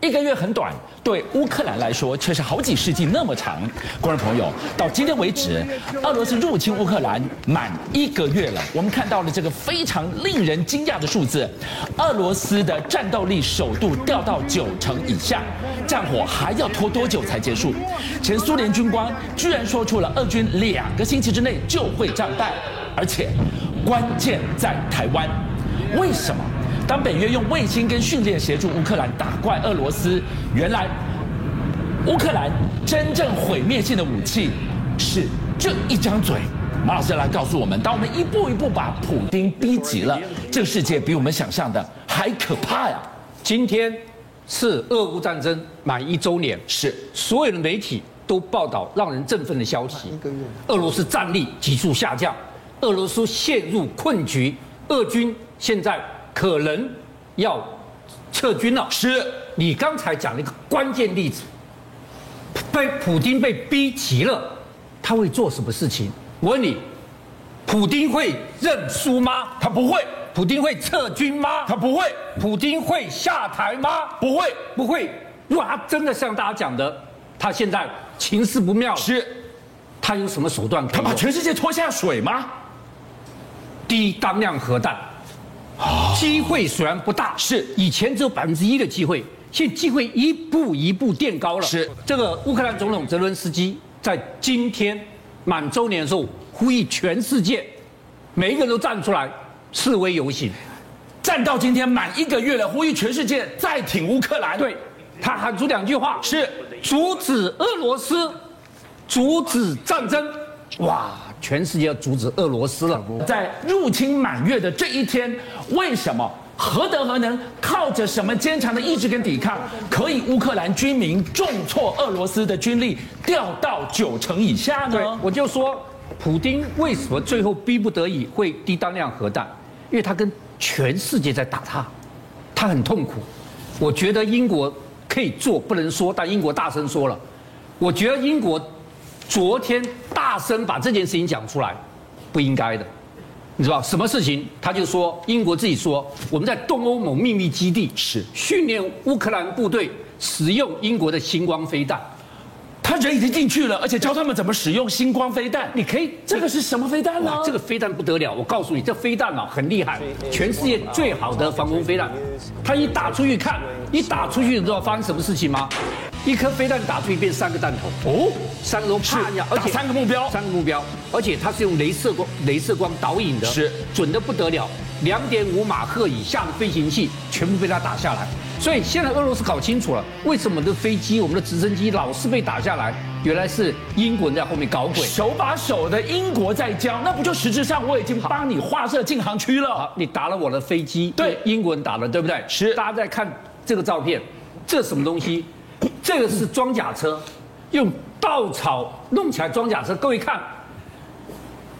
一個月很短，對烏克蘭來說卻是好幾世紀那麼長。觀眾朋友，到今天為止，俄羅斯入侵烏克蘭滿一個月了。我們看到了這個非常令人驚訝的數字：俄羅斯的戰鬥力首度掉到九成以下。戰火還要拖多久才結束？前蘇聯軍官居然說出了：俄軍兩個星期之內就會戰敗，而且關鍵在台灣。為什麼？當北約用衛星跟訓練協助烏克蘭打怪俄羅斯，原來烏克蘭真正毀滅性的武器是這一張嘴。馬老師來告訴我們，當我們一步一步把普丁逼急了，這個世界比我們想象的還可怕呀、啊！今天是俄烏戰爭滿一週年，是所有的媒體都報道讓人振奮的消息：俄羅斯戰力急速下降，俄羅斯陷入困局，俄軍現在。可能要撤軍了。是，你剛才講了一個關鍵例子，被普丁被逼急了，他會做什麼事情？我問你，普丁會認輸嗎？他不會。普丁會撤軍嗎？他不會。普丁會下台嗎？不會，不會。哇，真的像大家講的，他現在情勢不妙，是，他有什麼手段？他把全世界拖下水嗎？低當量核彈。機會雖然不大，是以前只有百分之一的機會，現在機會一步一步墊高了。是這個烏克蘭總統澤倫斯基在今天滿周年的時候，呼籲全世界每一個人都站出來示威遊行，站到今天滿一個月了，呼籲全世界再挺烏克蘭。對他喊出兩句話：是阻止俄羅斯，阻止戰爭。哇！全世界要阻止俄羅斯了，在入侵滿月的這一天，為什麼何德何能靠着什麼堅強的意志跟抵抗，可以烏克蘭軍民重挫俄羅斯的軍力，掉到九成以下呢？我就說，普丁為什麼最後逼不得已會低當量核彈？因為他跟全世界在打他，他很痛苦。我覺得英國可以做，不能說，但英國大聲說了。我覺得英國。昨天大聲把這件事情講出來，不應該的，你知道什麼事情？他就說英國自己說，我們在東歐某秘密基地是訓練烏克蘭部隊使用英國的星光飛彈，他人已經進去了，而且教他們怎麼使用星光飛彈。你可以，這個是什麼飛彈呢？這個飛彈不得了，我告訴你，這飛彈啊很厲害，全世界最好的防空飛彈。他一打出去看，一打出去你知道發生什麼事情嗎？一顆飛彈打出去變三個彈頭哦。三個目標，而且三個目標，三個目標，而且它是用雷射光、雷射光導引的，是準的不得了。兩點五馬赫以下的飛行器全部被它打下來。所以現在俄羅斯搞清楚了，為什麼的飛機、我們的直升機老是被打下來，原來是英國人在後面搞鬼。手把手的英國在教，那不就實質上我已經幫你劃設禁航區了？好，你打了我的飛機，對，英國人打了，對不對？是。大家在看這個照片，這什麼東西？這個是裝甲車，用。稻草弄起來，裝甲車，各位看，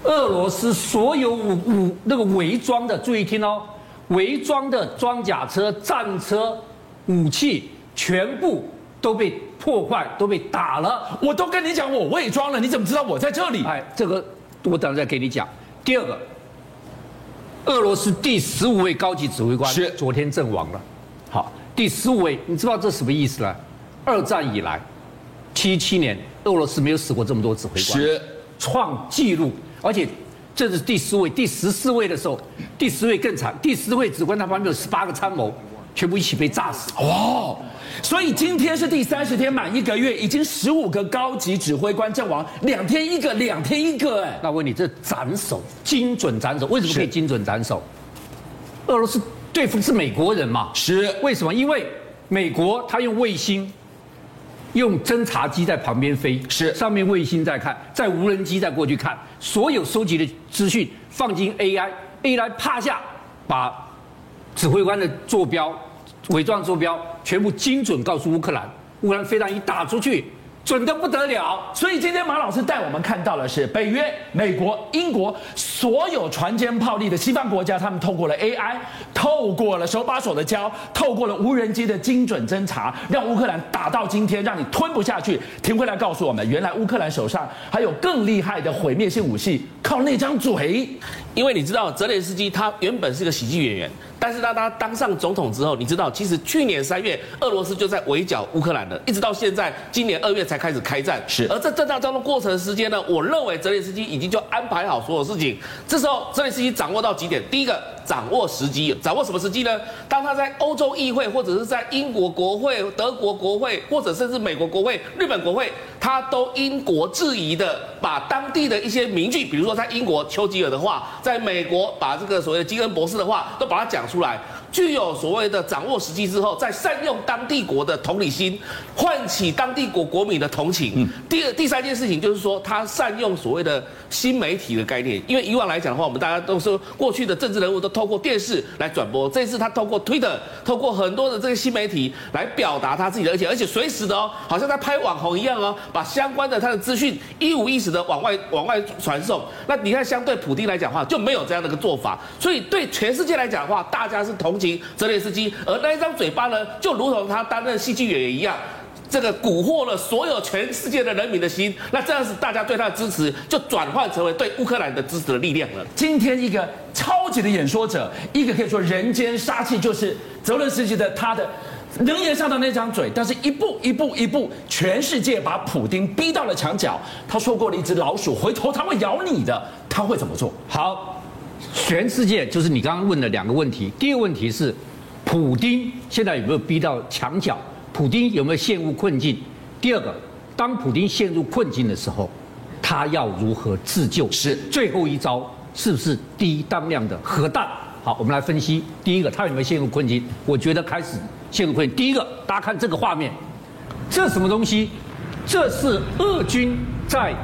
俄羅斯所有武武那個偽裝的，注意聽哦，偽裝的裝甲車、戰車、武器全部都被破壞，都被打了。我都跟你講，我偽裝了，你怎麼知道我在這裡？哎，這個我等下再給你講。第二個，俄羅斯第十五位高級指揮官是昨天陣亡了。好，第十五位，你知道這什麼意思呢？二戰以來。七七年，俄羅斯沒有死過這麼多指揮官，是創紀錄，而且這是第四位、第十四位的時候，第十位更慘，第十位指揮他旁邊有十八個參謀，全部一起被炸死。哦，所以今天是第三十天滿一個月，已經十五個高級指揮官陣亡，兩天一個，兩天一個。哎，那問你，這斬首精準斬首，為什麼可以精準斬首？是俄羅斯對付是美國人嘛？是為什麼？因為美國他用衛星。用偵察機在旁邊飛，是上面衛星在看，在無人機在過去看，所有收集的資訊放進 AI，AI 趴 AI 下，把指揮官的坐標、偽裝坐標全部精準告訴烏克蘭，烏克蘭飛彈一打出去。準的不得了，所以今天馬老師帶我們看到的是北約、美國、英國所有船堅炮利的西方國家，他們透過了 AI，透過了手把手的教，透過了無人機的精準偵查，讓烏克蘭打到今天，讓你吞不下去。廷輝來告訴我們，原來烏克蘭手上還有更厲害的毀滅性武器，靠那張嘴，因為你知道澤倫斯基他原本是個喜劇演員。但是當他當上總統之後，你知道，其實去年三月俄羅斯就在圍剿烏克蘭了，一直到現在，今年二月才開始開戰。是，而在這場戰爭的過程的時間呢？我認為澤連斯基已經就安排好所有事情。這時候，澤連斯基掌握到幾點？第一個。掌握時機，掌握什麼時機呢？當他在歐洲議會，或者是在英國國會、德國國會，或者甚至美國國會、日本國會，他都因國制宜的把當地的一些名句，比如說在英國丘吉爾的話，在美國把這個所謂的金恩博士的話，都把它講出來。具有所謂的掌握時機之後，再善用當地國的同理心，喚起當地國國民的同情。第二、第三件事情就是說，他善用所謂的新媒體的概念。因為以往來講的話，我們大家都說，過去的政治人物都透過電視來轉播，這一次他透過推特，透過很多的這個新媒體來表達他自己的，而且而且隨時的哦、喔，好像在拍網紅一樣哦、喔，把相關的他的資訊一五一十的往外往外傳送。那你看，相對普丁來講的話，就沒有這樣的一個做法。所以對全世界來講的話，大家是同。澤連斯基，而那一張嘴巴呢，就如同他擔任戲劇演員一樣，這個蠱惑了所有全世界的人民的心。那這樣子，大家對他的支持就轉換成為對烏克蘭的支持的力量了。今天一個超級的演說者，一個可以說人間殺氣，就是澤連斯基的他的人言上的那張嘴。但是一步一步一步，全世界把普丁逼到了牆角。他說過了一隻老鼠，回頭他會咬你的。他會怎麼做？好。全世界就是你剛剛問的兩個問題。第一個問題是，普丁現在有沒有逼到牆角？普丁有沒有陷入困境？第二個，當普丁陷入困境的時候，他要如何自救？是最後一招，是不是低當量的核彈？好，我們來分析。第一個，他有沒有陷入困境？我覺得開始陷入困境。第一個，大家看這個畫面，這是什麼東西？這是俄軍在。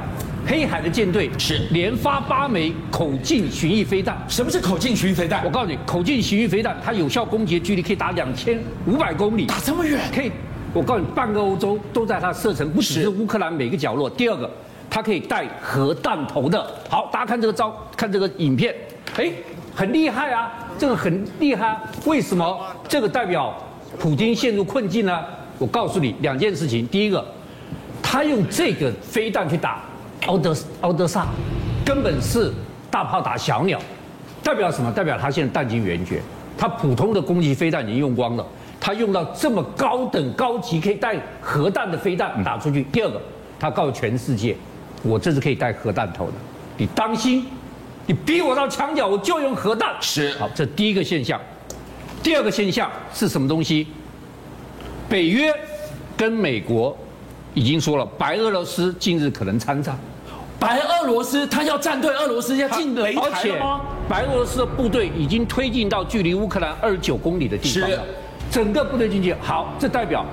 黑海的艦隊是連發八枚口徑巡弋飛彈。什麼是口徑巡弋飛彈？我告訴你，口徑巡弋飛彈它有效攻擊距離可以打兩千五百公里，打這麼遠可以？我告訴你，半個歐洲都在它射程，不只是烏克蘭每個角落。第二個，它可以帶核彈頭的。好，大家看這個招，看這個影片，哎，很厲害啊，這個很厲害。為什麼這個代表普丁陷入困境呢？我告訴你兩件事情。第一個，他用這個飛彈去打敖德敖德薩，根本是大炮打小鳥，代表什麼？代表他現在彈盡援絕，他普通的攻擊飛彈已經用光了，他用到這麼高等高級可以帶核彈的飛彈打出去。嗯、第二個，他告訴全世界，我這是可以帶核彈頭的，你當心，你逼我到牆角，我就用核彈。是。好，這第一個現象，第二個現象是什麼東西？北約跟美國。已經說了，白俄羅斯近日可能參戰。白俄羅斯他要站隊，俄羅斯要進雷台了嗎？而且白俄羅斯的部隊已經推進到距離烏克蘭二十九公里的地方。是，整個部隊進去。好，這代表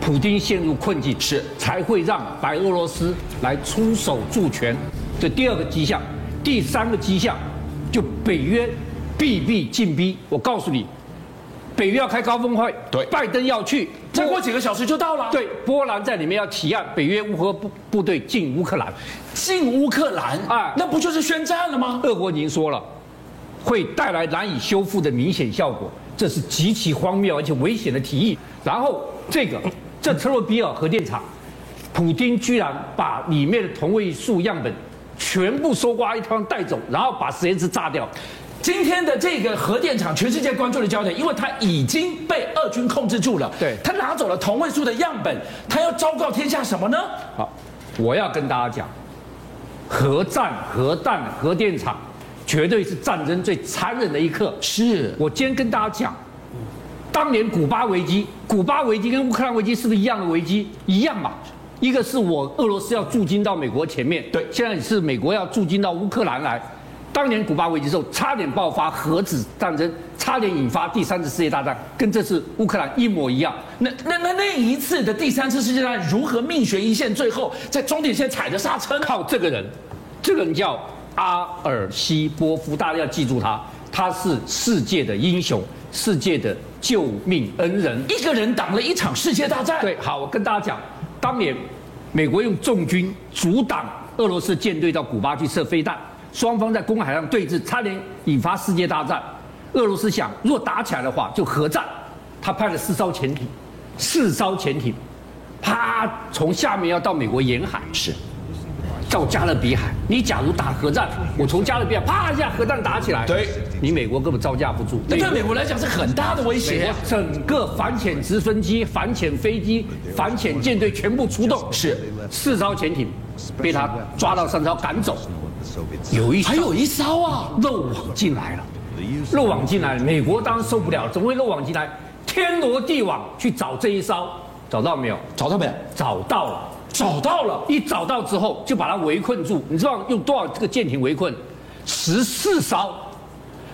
普丁陷入困境，是，才會讓白俄羅斯來出手助拳。這第二個跡象，第三個跡象，就北約步步進逼。我告訴你，北約要開高峰會，對，拜登要去。再過幾個小時就到了。對，波蘭在裡面要提案，北約烏合部部隊烏進烏克蘭，進烏克蘭啊，那不就是宣戰了嗎？俄國跟您說了，會帶來難以修復的明顯效果，這是極其荒謬而且危險的提議。然後這個這切爾諾貝爾核電廠，嗯、普丁居然把裡面的同位素樣本全部搜刮一趟帶走，然後把實驗室炸掉。今天的這個核電廠，全世界關注的焦點，因為它已經被俄軍控制住了。對，他拿走了同位素的樣本，他要昭告天下什麼呢？好，我要跟大家講，核戰、核彈、核電廠，絕對是戰爭最殘忍的一刻。是我今天跟大家講，當年古巴危機，古巴危機跟烏克蘭危機是不是一樣的危機？一樣嘛？一個是我俄羅斯要駐軍到美國前面，對，現在是美國要駐軍到烏克蘭來。當年古巴危機之後，差點爆發核子戰爭，差點引發第三次世界大戰，跟這次烏克蘭一模一樣。那那那那一次的第三次世界大戰如何命懸一線？最後在終點線踩着剎車。靠這個人，這個人叫阿爾西波夫，大家要記住他，他是世界的英雄，世界的救命恩人，一個人擋了一場世界大戰。對，好，我跟大家講，當年美國用重軍阻擋俄羅斯艦隊到古巴去射飛彈。雙方在公海上對峙，差點引發世界大戰。俄羅斯想，若打起來的話，就核戰。他派了四艘潛艇，四艘潛艇，啪，從下面要到美國沿海，是到加勒比海。你假如打核戰，我從加勒比海啪一下核彈打起來，對，你美國根本招架不住。那國對美國來講是很大的威脅啊。國整個反潛直升機、反潛飛機、反潛艦隊全部出動，是四艘潛艇被他抓到三艘趕走。有一還有一艘啊，漏網進來了，漏網進來了。美國當然受不了了，怎麼會漏網進來？天羅地網去找這一艘，找到沒有？找到沒有？找到了，找到了。一找到之後，就把它圍困住。你知道用多少這個艦艇圍困？十四艘，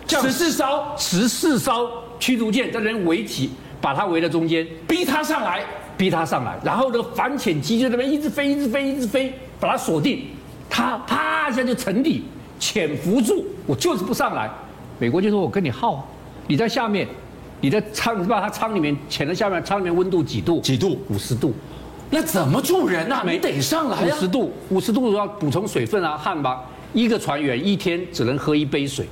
十四艘，十四艘驅逐艦在那邊圍起，把它圍在中間，逼它上來，逼它上來。然後那個反潛機就在那邊一直飛，一直飛，一直飛，把它鎖定。他啪一下就沉底潛伏住，我就是不上來。美國就說我跟你耗，你在下面，你在艙，你知道他艙裡面潛在下面，艙裡面溫度幾度？幾度？五十度，那怎麼住人吶？啊，沒，你得上來啊，五十度，五十度的話補充水分啊，汗吧。一個船員一天只能喝一杯水，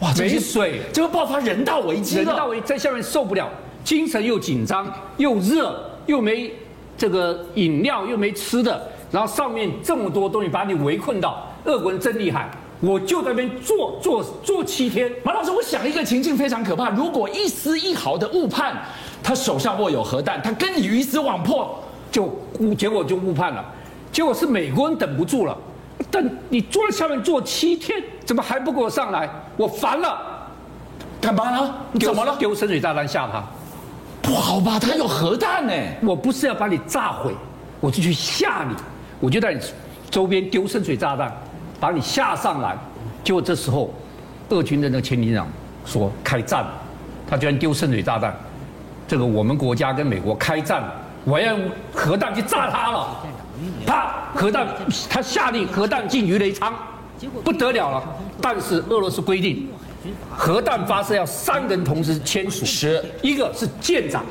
哇，這沒水，這個爆發人道危機了。人道危機在下面受不了，精神又緊張又熱又沒這個飲料又沒吃的。然後上面這麼多東西把你圍困到，俄國人真厲害，我就在那邊坐坐坐七天。馬老師，我想一個情境非常可怕，如果一絲一毫的誤判，他手上握有核彈，他跟你魚死網破，就結果就誤判了，結果是美國人等不住了，等你坐在下面坐七天，怎麼還不給我上來？我煩了，幹嘛呢、啊？你怎麼了？丟深水炸彈嚇他？不好吧，他有核彈哎！我不是要把你炸毀，我就去嚇你。我就在周邊丟深水炸彈，把你嚇上來。結果這時候，俄軍的那個潛艇長說，開戰了，他居然丟深水炸彈。這個我們國家跟美國開戰了，我要用核彈去炸他了。啪，核彈，他下令核彈進魚雷艙，不得了了。但是俄羅斯規定，核彈發射要三個人同時簽署，一個是艦長，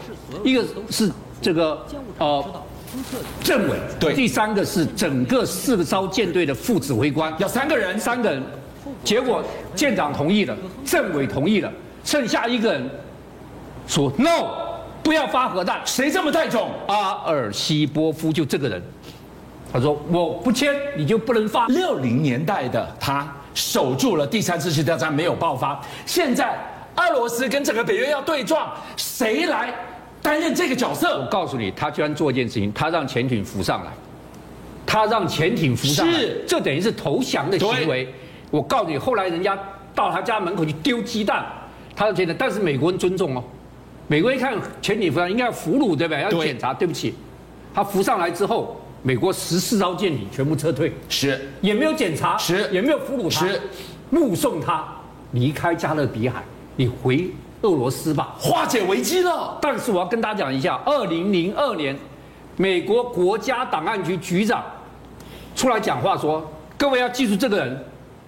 一個是這個呃。政委對，對，第三個是整個四艘艦隊的副指揮官，要三個人，三個人。結果艦長同意了，政委同意了，剩下一個人說對 no，不要發核彈，誰這麼帶種對阿爾西波夫就這個人，他說我不簽，你就不能發。六零年代的他守住了第三次世界大戰沒有爆發，現在俄羅斯跟整個北約要對撞，誰來？擔任這個角色，我告訴你，他居然做一件事情，他讓潛艇浮上來，他讓潛艇浮上來，是對 這等於是投降的行為。對 我告訴你，後來人家到他家門口去丟雞蛋，他的艦隊，但是美國人尊重哦。美國一看潛艇浮上，應該要俘虜對不對？對 要檢查。對不起，他浮上來之後，美國十四艘艦艇全部撤退，是也沒有檢查，是也沒有俘虜他，目是 送他離開加勒比海，你回。俄羅斯吧，化解危機了。但是我要跟大家講一下，二零零二年，美國國家檔案局局長出來講話說：“各位要記住這個人，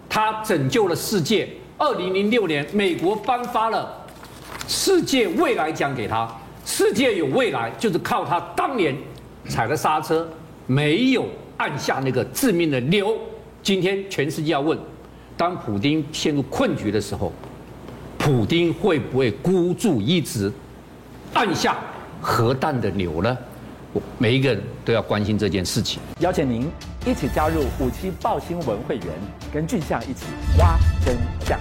他拯救了世界。”二零零六年，美國頒發了“世界未來獎”給他。世界有未來，就是靠他當年踩了剎車，沒有按下那個致命的鈕。今天全世界要問：當普丁陷入困局的時候，普丁會不會孤注一擲按下核彈的鈕呢？我每一個人都要關心這件事情。邀請您一起加入五七爆新聞會員，跟俊相一起挖真相。